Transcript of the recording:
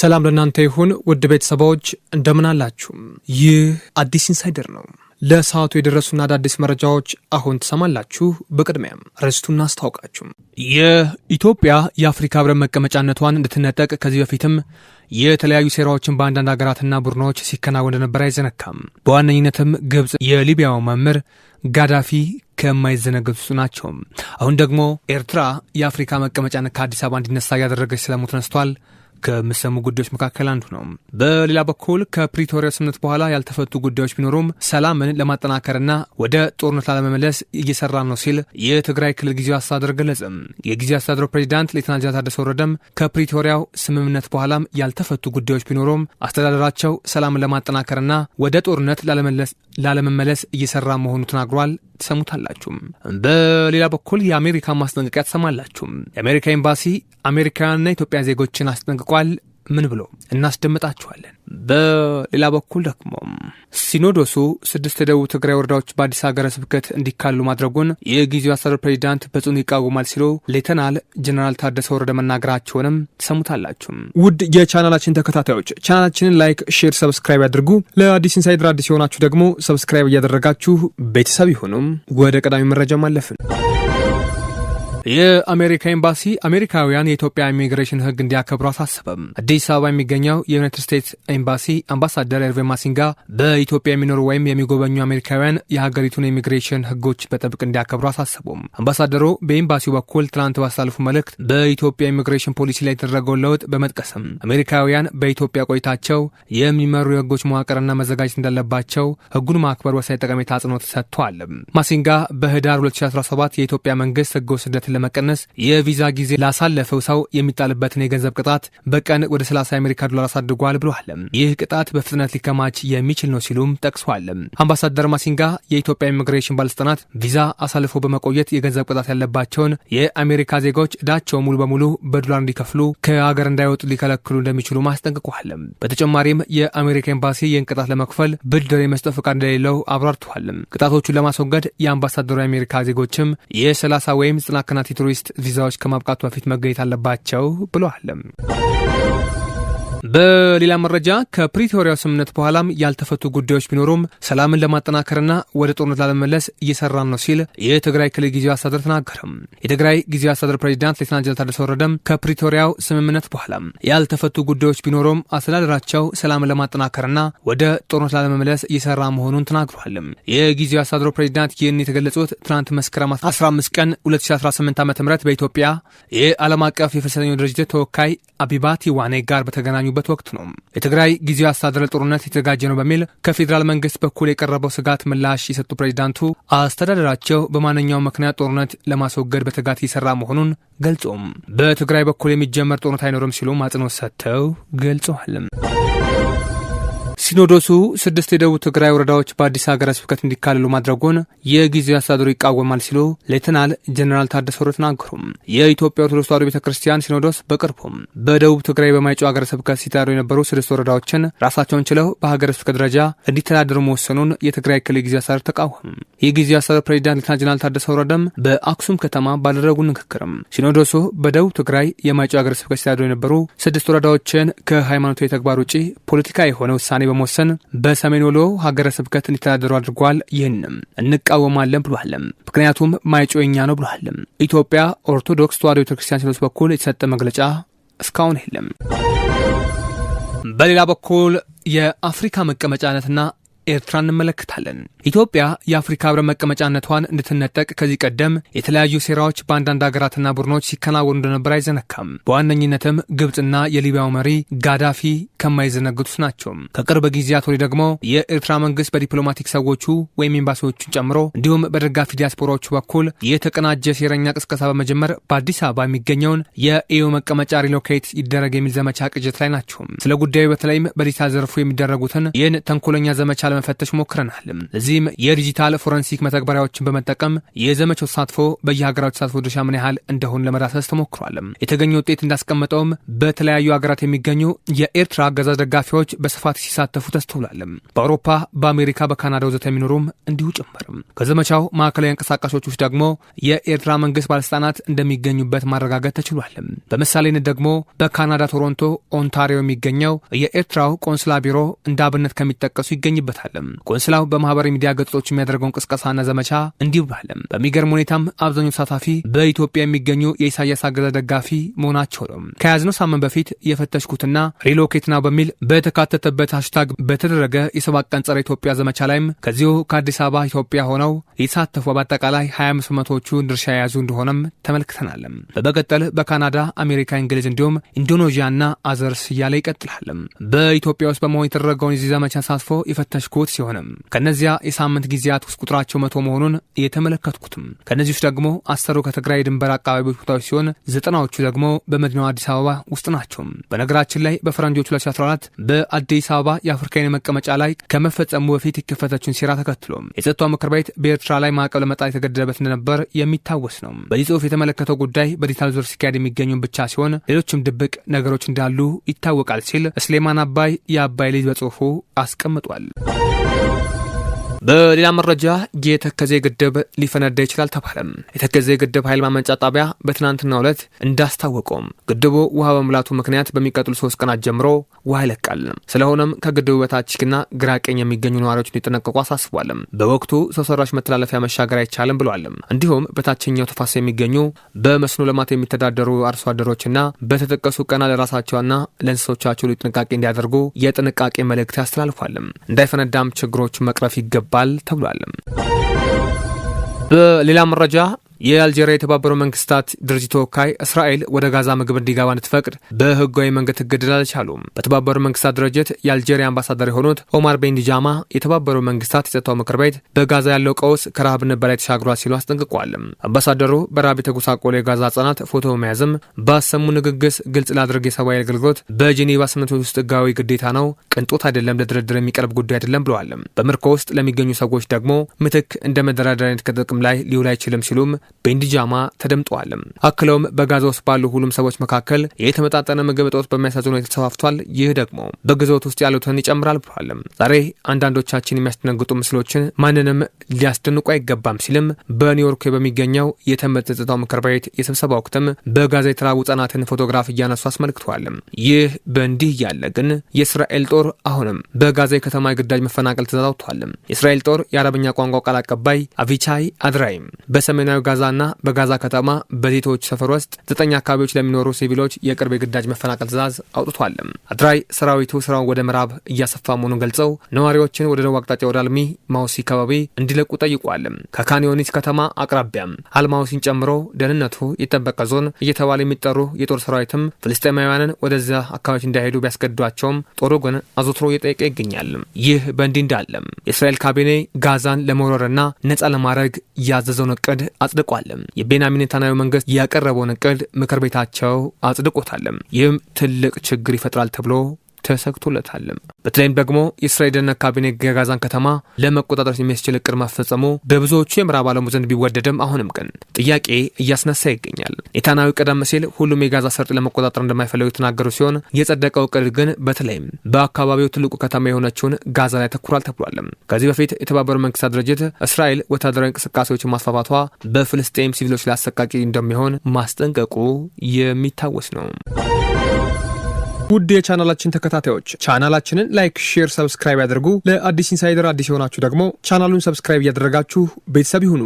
ሰላም ለእናንተ ይሁን ውድ ቤተሰባዎች እንደምናላችሁ። ይህ አዲስ ኢንሳይደር ነው። ለሰዓቱ የደረሱና አዳዲስ መረጃዎች አሁን ትሰማላችሁ። በቅድሚያም ርዕስቱን አስታውቃችሁ የኢትዮጵያ የአፍሪካ ህብረት መቀመጫነቷን እንድትነጠቅ ከዚህ በፊትም የተለያዩ ሴራዎችን በአንዳንድ ሀገራትና ቡድኖች ሲከናወን እንደነበር አይዘነካም። በዋነኝነትም ግብፅ የሊቢያው መምህር ጋዳፊ ከማይዘነገሱ ናቸው። አሁን ደግሞ ኤርትራ የአፍሪካ መቀመጫነት ከአዲስ አበባ እንዲነሳ እያደረገች ስለሙ ተነስቷል። ከሚሰሙ ጉዳዮች መካከል አንዱ ነው። በሌላ በኩል ከፕሪቶሪያ ስምምነት በኋላ ያልተፈቱ ጉዳዮች ቢኖሩም ሰላምን ለማጠናከርና ወደ ጦርነት ላለመመለስ እየሰራ ነው ሲል የትግራይ ክልል ጊዜያዊ አስተዳደር ገለጽም። የጊዜያዊ አስተዳደሩ ፕሬዚዳንት ሌተና ጀነራል ታደሰ ወረደም ከፕሪቶሪያው ስምምነት በኋላም ያልተፈቱ ጉዳዮች ቢኖሩም አስተዳደራቸው ሰላምን ለማጠናከርና ወደ ጦርነት ላለመመለስ እየሰራ መሆኑ ተናግሯል። ትሰሙታላችሁም። በሌላ በኩል የአሜሪካ ማስጠንቀቂያ ትሰማላችሁም። የአሜሪካ ኤምባሲ አሜሪካውያንና ኢትዮጵያ ዜጎችን አስጠንቅቋል። ምን ብሎ እናስደምጣችኋለን። በሌላ በኩል ደግሞ ሲኖዶሱ ስድስት የደቡብ ትግራይ ወረዳዎች በአዲስ ሀገረ ስብከት እንዲካሉ ማድረጉን የጊዜው አስተዳደር ፕሬዚዳንት በጽኑ ይቃወማል ሲሉ ሌተናል ጀነራል ታደሰ ወረደ መናገራቸውንም ትሰሙታላችሁ። ውድ የቻናላችን ተከታታዮች ቻናላችንን ላይክ፣ ሼር፣ ሰብስክራይብ ያድርጉ። ለአዲስ ኢንሳይድር አዲስ የሆናችሁ ደግሞ ሰብስክራይብ እያደረጋችሁ ቤተሰብ ይሁኑም። ወደ ቀዳሚ መረጃ ማለፍን የአሜሪካ ኤምባሲ አሜሪካውያን የኢትዮጵያ ኢሚግሬሽን ሕግ እንዲያከብሩ አሳሰበም። አዲስ አበባ የሚገኘው የዩናይትድ ስቴትስ ኤምባሲ አምባሳደር ኤርቬ ማሲንጋ በኢትዮጵያ የሚኖሩ ወይም የሚጎበኙ አሜሪካውያን የሀገሪቱን የኢሚግሬሽን ሕጎች በጥብቅ እንዲያከብሩ አሳሰቡም። አምባሳደሩ በኤምባሲው በኩል ትናንት ባሳለፉ መልእክት በኢትዮጵያ ኢሚግሬሽን ፖሊሲ ላይ የተደረገውን ለውጥ በመጥቀስም አሜሪካውያን በኢትዮጵያ ቆይታቸው የሚመሩ የሕጎች መዋቅርና መዘጋጀት እንዳለባቸው ሕጉን ማክበር ወሳኝ ጠቀሜታ አጽንኦት ሰጥተዋል። ማሲንጋ በህዳር 2017 የኢትዮጵያ መንግስት ሕገ ስደት ጉዳትን ለመቀነስ የቪዛ ጊዜ ላሳለፈው ሰው የሚጣልበትን የገንዘብ ቅጣት በቀን ወደ 30 የአሜሪካ ዶላር አሳድጓል ብለዋል። ይህ ቅጣት በፍጥነት ሊከማች የሚችል ነው ሲሉም ጠቅሷል። አምባሳደር ማሲንጋ የኢትዮጵያ ኢሚግሬሽን ባለስልጣናት ቪዛ አሳልፎ በመቆየት የገንዘብ ቅጣት ያለባቸውን የአሜሪካ ዜጎች እዳቸው ሙሉ በሙሉ በዶላር እንዲከፍሉ ከሀገር እንዳይወጡ ሊከለክሉ እንደሚችሉ ማስጠንቅቋል። በተጨማሪም የአሜሪካ ኤምባሲ ይህን ቅጣት ለመክፈል ብድር የመስጠት ፈቃድ እንደሌለው አብራርተዋል። ቅጣቶቹን ለማስወገድ የአምባሳደሩ የአሜሪካ ዜጎችም የ30 ወይም 90 ህጻናት የቱሪስት ቪዛዎች ከማብቃቱ በፊት መገኘት አለባቸው ብለዋል። በሌላ መረጃ ከፕሪቶሪያው ስምምነት በኋላም ያልተፈቱ ጉዳዮች ቢኖሩም ሰላምን ለማጠናከርና ወደ ጦርነት ላለመመለስ እየሰራን ነው ሲል የትግራይ ክልል ጊዜያዊ አስተዳደር ተናገረም። የትግራይ ጊዜያዊ አስተዳደር ፕሬዚዳንት ሌተና ጀነራል ታደሰ ወረደም ከፕሪቶሪያው ስምምነት በኋላም ያልተፈቱ ጉዳዮች ቢኖሩም አስተዳደራቸው ሰላምን ለማጠናከርና ወደ ጦርነት ላለመመለስ እየሰራ መሆኑን ተናግሯል። የጊዜያዊ አስተዳደሩ ፕሬዚዳንት ይህን የተገለጹት ትናንት መስከረም 15 ቀን 2018 ዓ ም በኢትዮጵያ የዓለም አቀፍ የፍልሰተኛ ድርጅት ተወካይ አቢባቲ ዋኔ ጋር በተገናኙ በሚገኙበት ወቅት ነው። የትግራይ ጊዜያዊ አስተዳደር ጦርነት የተዘጋጀ ነው በሚል ከፌዴራል መንግስት በኩል የቀረበው ስጋት ምላሽ የሰጡ ፕሬዚዳንቱ አስተዳደራቸው በማንኛውም ምክንያት ጦርነት ለማስወገድ በትጋት እየሰራ መሆኑን ገልጾም በትግራይ በኩል የሚጀመር ጦርነት አይኖርም ሲሉም አጽንኦት ሰጥተው ገልጸዋልም። ሲኖዶሱ ስድስት የደቡብ ትግራይ ወረዳዎች በአዲስ ሀገረ ስብከት እንዲካለሉ ማድረጉን የጊዜያዊ አስተዳደሩ ይቃወማል ሲሉ ሌተናል ጀኔራል ታደሰ ወረደ ተናገሩ። የኢትዮጵያ ኦርቶዶክስ ተዋሕዶ ቤተ ክርስቲያን ሲኖዶስ በቅርቡም በደቡብ ትግራይ በማይጮ ሀገረ ስብከት ሲተዳደሩ የነበሩ ስድስት ወረዳዎችን ራሳቸውን ችለው በሀገረ ስብከት ደረጃ እንዲተዳደሩ መወሰኑን የትግራይ ክልል ጊዜያዊ አስተዳደር ተቃወሙ። የጊዜያዊ አስተዳደር ፕሬዚዳንት ሌተናል ጀኔራል ታደሰ ወረደም በአክሱም ከተማ ባደረጉ ንግግርም ሲኖዶሱ በደቡብ ትግራይ የማይጮ ሀገረ ስብከት ሲተዳደሩ የነበሩ ስድስት ወረዳዎችን ከሃይማኖታዊ ተግባር ውጪ ፖለቲካ የሆነ ውሳኔ በመወሰን በሰሜን ወሎ ሀገረ ስብከት እንዲተዳደሩ አድርጓል። ይህንም እንቃወማለን ብሏልም። ምክንያቱም ማይጮኛ ነው ብሏልም። ኢትዮጵያ ኦርቶዶክስ ተዋሕዶ ቤተክርስቲያን ሲኖዶስ በኩል የተሰጠ መግለጫ እስካሁን የለም። በሌላ በኩል የአፍሪካ መቀመጫነትና ኤርትራ እንመለከታለን። ኢትዮጵያ የአፍሪካ ህብረት መቀመጫነቷን እንድትነጠቅ ከዚህ ቀደም የተለያዩ ሴራዎች በአንዳንድ ሀገራትና ቡድኖች ሲከናወኑ እንደነበር አይዘነካም። በዋነኝነትም ግብፅና የሊቢያው መሪ ጋዳፊ ከማይዘነግቱት ናቸው። ከቅርብ ጊዜያት ወዲህ ደግሞ የኤርትራ መንግስት በዲፕሎማቲክ ሰዎቹ ወይም ኤምባሲዎቹን ጨምሮ እንዲሁም በደጋፊ ዲያስፖራዎቹ በኩል የተቀናጀ ሴረኛ ቅስቀሳ በመጀመር በአዲስ አበባ የሚገኘውን የኤዩ መቀመጫ ሪሎኬት ይደረግ የሚል ዘመቻ ቅጅት ላይ ናቸው። ስለ ጉዳዩ በተለይም በዲጂታል ዘርፉ የሚደረጉትን ይህን ተንኮለኛ ዘመቻ ለመፈተሽ ሞክረናል። እዚህም የዲጂታል ፎረንሲክ መተግበሪያዎችን በመጠቀም የዘመቻው ተሳትፎ በየሀገራዊ ተሳትፎ ድርሻ ምን ያህል እንደሆን ለመዳሰስ ተሞክሯል። የተገኘ ውጤት እንዳስቀመጠውም በተለያዩ ሀገራት የሚገኙ የኤርትራ አገዛዝ ደጋፊዎች በስፋት ሲሳተፉ ተስተውሏል። በአውሮፓ፣ በአሜሪካ፣ በካናዳ ወዘተ የሚኖሩም እንዲሁ ጭምር። ከዘመቻው ማዕከላዊ አንቀሳቃሾች ውስጥ ደግሞ የኤርትራ መንግስት ባለስልጣናት እንደሚገኙበት ማረጋገጥ ተችሏል። በምሳሌነት ደግሞ በካናዳ ቶሮንቶ ኦንታሪዮ የሚገኘው የኤርትራው ቆንስላ ቢሮ እንደ አብነት ከሚጠቀሱ ይገኝበታል። ብሎታልም። ቆንስላው በማህበራዊ ሚዲያ ገጾች የሚያደርገው ቅስቀሳና ዘመቻ እንዲህ ብሏልም። በሚገርም ሁኔታም አብዛኛው ተሳታፊ በኢትዮጵያ የሚገኙ የኢሳያስ አገዛዝ ደጋፊ መሆናቸው ነው። ከያዝነው ሳምንት በፊት የፈተሽኩትና ሪሎኬት ናው በሚል በተካተተበት ሃሽታግ በተደረገ የሰባት ቀን ጸረ ኢትዮጵያ ዘመቻ ላይም ከዚሁ ከአዲስ አበባ ኢትዮጵያ ሆነው የተሳተፉ በአጠቃላይ 25 መቶዎቹ ድርሻ የያዙ እንደሆነም ተመልክተናል። በመቀጠል በካናዳ፣ አሜሪካ፣ እንግሊዝ እንዲሁም ኢንዶኔዥያና አዘርስ እያለ ይቀጥላል። በኢትዮጵያ ውስጥ በመሆን የተደረገውን የዚህ ዘመቻ ተሳትፎ የፈተሽ የተመለከትኩት ሲሆንም ከእነዚያ የሳምንት ጊዜያት ውስጥ ቁጥራቸው መቶ መሆኑን የተመለከትኩትም ከእነዚህ ውስጥ ደግሞ አሰሩ ከትግራይ ድንበር አካባቢዎች ቦታዎች ሲሆን ዘጠናዎቹ ደግሞ በመዲናዋ አዲስ አበባ ውስጥ ናቸው። በነገራችን ላይ በፈረንጆቹ 2014 በአዲስ አበባ የአፍሪካዊ መቀመጫ ላይ ከመፈጸሙ በፊት የከፈተችውን ሴራ ተከትሎ የጸጥታው ምክር ቤት በኤርትራ ላይ ማዕቀብ ለመጣል የተገደደበት እንደነበር የሚታወስ ነው። በዚህ ጽሁፍ የተመለከተው ጉዳይ በዲጂታል ዞር ሲካሄድ የሚገኙን ብቻ ሲሆን ሌሎችም ድብቅ ነገሮች እንዳሉ ይታወቃል ሲል ስሌማን አባይ የአባይ ልጅ በጽሁፉ አስቀምጧል። በሌላ መረጃ የተከዜ ግድብ ሊፈነዳ ይችላል ተባለም። የተከዜ ግድብ ኃይል ማመንጫ ጣቢያ በትናንትናው ዕለት እንዳስታወቀውም ግድቡ ውሃ በሙላቱ ምክንያት በሚቀጥሉ ሶስት ቀናት ጀምሮ ውሃ ይለቃል። ስለሆነም ከግድቡ በታችና ግራ ቀኝ የሚገኙ ነዋሪዎች እንዲጠነቀቁ አሳስቧልም። በወቅቱ ሰው ሰራሽ መተላለፊያ መሻገር አይቻልም ብሏልም። እንዲሁም በታችኛው ተፋሰ የሚገኙ በመስኖ ልማት የሚተዳደሩ አርሶ አደሮችና በተጠቀሱ ቀና ለራሳቸውና ለእንስሶቻቸው ጥንቃቄ እንዲያደርጉ የጥንቃቄ መልእክት ያስተላልፏልም። እንዳይፈነዳም ችግሮቹ መቅረፍ ይገባል ይገባል ተብሏል። በሌላ መረጃ የአልጄሪያ የተባበሩ መንግስታት ድርጅት ተወካይ እስራኤል ወደ ጋዛ ምግብ እንዲገባ እንድትፈቅድ በህጋዊ መንገድ ትገደድ አልቻሉም። በተባበሩ መንግስታት ድርጅት የአልጄሪያ አምባሳደር የሆኑት ኦማር ቤንዲጃማ የተባበሩ መንግስታት የጸጥታው ምክር ቤት በጋዛ ያለው ቀውስ ከረሃብነት በላይ ተሻግሯል ሲሉ አስጠንቅቋል። አምባሳደሩ በረሃብ የተጎሳቆሉ የጋዛ ህጻናት ፎቶ በመያዝም ባሰሙ ንግግስ ግልጽ ላድርግ የሰብአዊ አገልግሎት በጄኔቫ ስምምነቶች ውስጥ ህጋዊ ግዴታ ነው፣ ቅንጦት አይደለም፣ ለድርድር የሚቀርብ ጉዳይ አይደለም ብለዋል። በምርኮ ውስጥ ለሚገኙ ሰዎች ደግሞ ምትክ እንደ መደራደሪያነት ከጥቅም ላይ ሊውል አይችልም ሲሉም በእንዲጃማ ተደምጠዋልም። አክለውም በጋዛ ውስጥ ባሉ ሁሉም ሰዎች መካከል የተመጣጠነ ምግብ እጦት በሚያሳዝን ሁኔታ ተስፋፍቷል። ይህ ደግሞ በግዞት ውስጥ ያሉትን ይጨምራል ብሏልም። ዛሬ አንዳንዶቻችን የሚያስደነግጡ ምስሎችን ማንንም ሊያስደንቁ አይገባም ሲልም በኒውዮርክ በሚገኘው የተመጠጠው ምክር ቤት የስብሰባ ወቅትም በጋዛ የተራቡ ህጻናትን ፎቶግራፍ እያነሱ አስመልክተዋል። ይህ በእንዲህ እያለ ግን የእስራኤል ጦር አሁንም በጋዛ የከተማ ግዳጅ መፈናቀል ትዕዛዝ የእስራኤል ጦር የአረብኛ ቋንቋ ቃል አቀባይ አቪቻይ አድራይም በሰሜናዊ ጋዛ በጋዛና በጋዛ ከተማ በዜቶች ሰፈር ውስጥ ዘጠኝ አካባቢዎች ለሚኖሩ ሲቪሎች የቅርብ የግዳጅ መፈናቀል ትዕዛዝ አውጥቷል። አድራይ ሰራዊቱ ስራውን ወደ ምዕራብ እያሰፋ መሆኑን ገልጸው ነዋሪዎችን ወደ ደቡብ አቅጣጫ ወደ አልሚ ማውሲ አካባቢ እንዲለቁ ጠይቋል። ከካኒዮኒስ ከተማ አቅራቢያም አልማውሲን ጨምሮ ደህንነቱ የጠበቀ ዞን እየተባለ የሚጠሩ የጦር ሰራዊትም ፍልስጤማውያንን ወደዚያ አካባቢዎች እንዳይሄዱ ቢያስገድዷቸውም ጦሩ ግን አዘውትሮ እየጠየቀ ይገኛል። ይህ በእንዲህ እንዳለም የእስራኤል ካቢኔ ጋዛን ለመውረርና ነጻ ለማድረግ ያዘዘውን እቅድ አጽድቆ አስታውቋል። የቤንያሚን ኔታንያሁ መንግስት ያቀረበውን እቅድ ምክር ቤታቸው አጽድቆታል። ይህም ትልቅ ችግር ይፈጥራል ተብሎ ተሰግቶለታልም። በተለይም ደግሞ የእስራኤል ደህንነት ካቢኔ የጋዛን ከተማ ለመቆጣጠር የሚያስችል እቅድ ማስፈጸሙ በብዙዎቹ የምዕራብ ዓለሙ ዘንድ ቢወደድም አሁንም ግን ጥያቄ እያስነሳ ይገኛል። ኔታንያሁ ቀደም ሲል ሁሉም የጋዛ ሰርጥ ለመቆጣጠር እንደማይፈልጉ የተናገሩ ሲሆን የጸደቀው እቅድ ግን በተለይም በአካባቢው ትልቁ ከተማ የሆነችውን ጋዛ ላይ ተኩሯል ተብሏልም። ከዚህ በፊት የተባበሩት መንግስታት ድርጅት እስራኤል ወታደራዊ እንቅስቃሴዎችን ማስፋፋቷ በፍልስጤም ሲቪሎች ላይ አሰቃቂ እንደሚሆን ማስጠንቀቁ የሚታወስ ነው። ውድ የቻናላችን ተከታታዮች ቻናላችንን ላይክ፣ ሼር፣ ሰብስክራይብ ያደርጉ። ለአዲስ ኢንሳይደር አዲስ የሆናችሁ ደግሞ ቻናሉን ሰብስክራይብ እያደረጋችሁ ቤተሰብ ይሁኑ።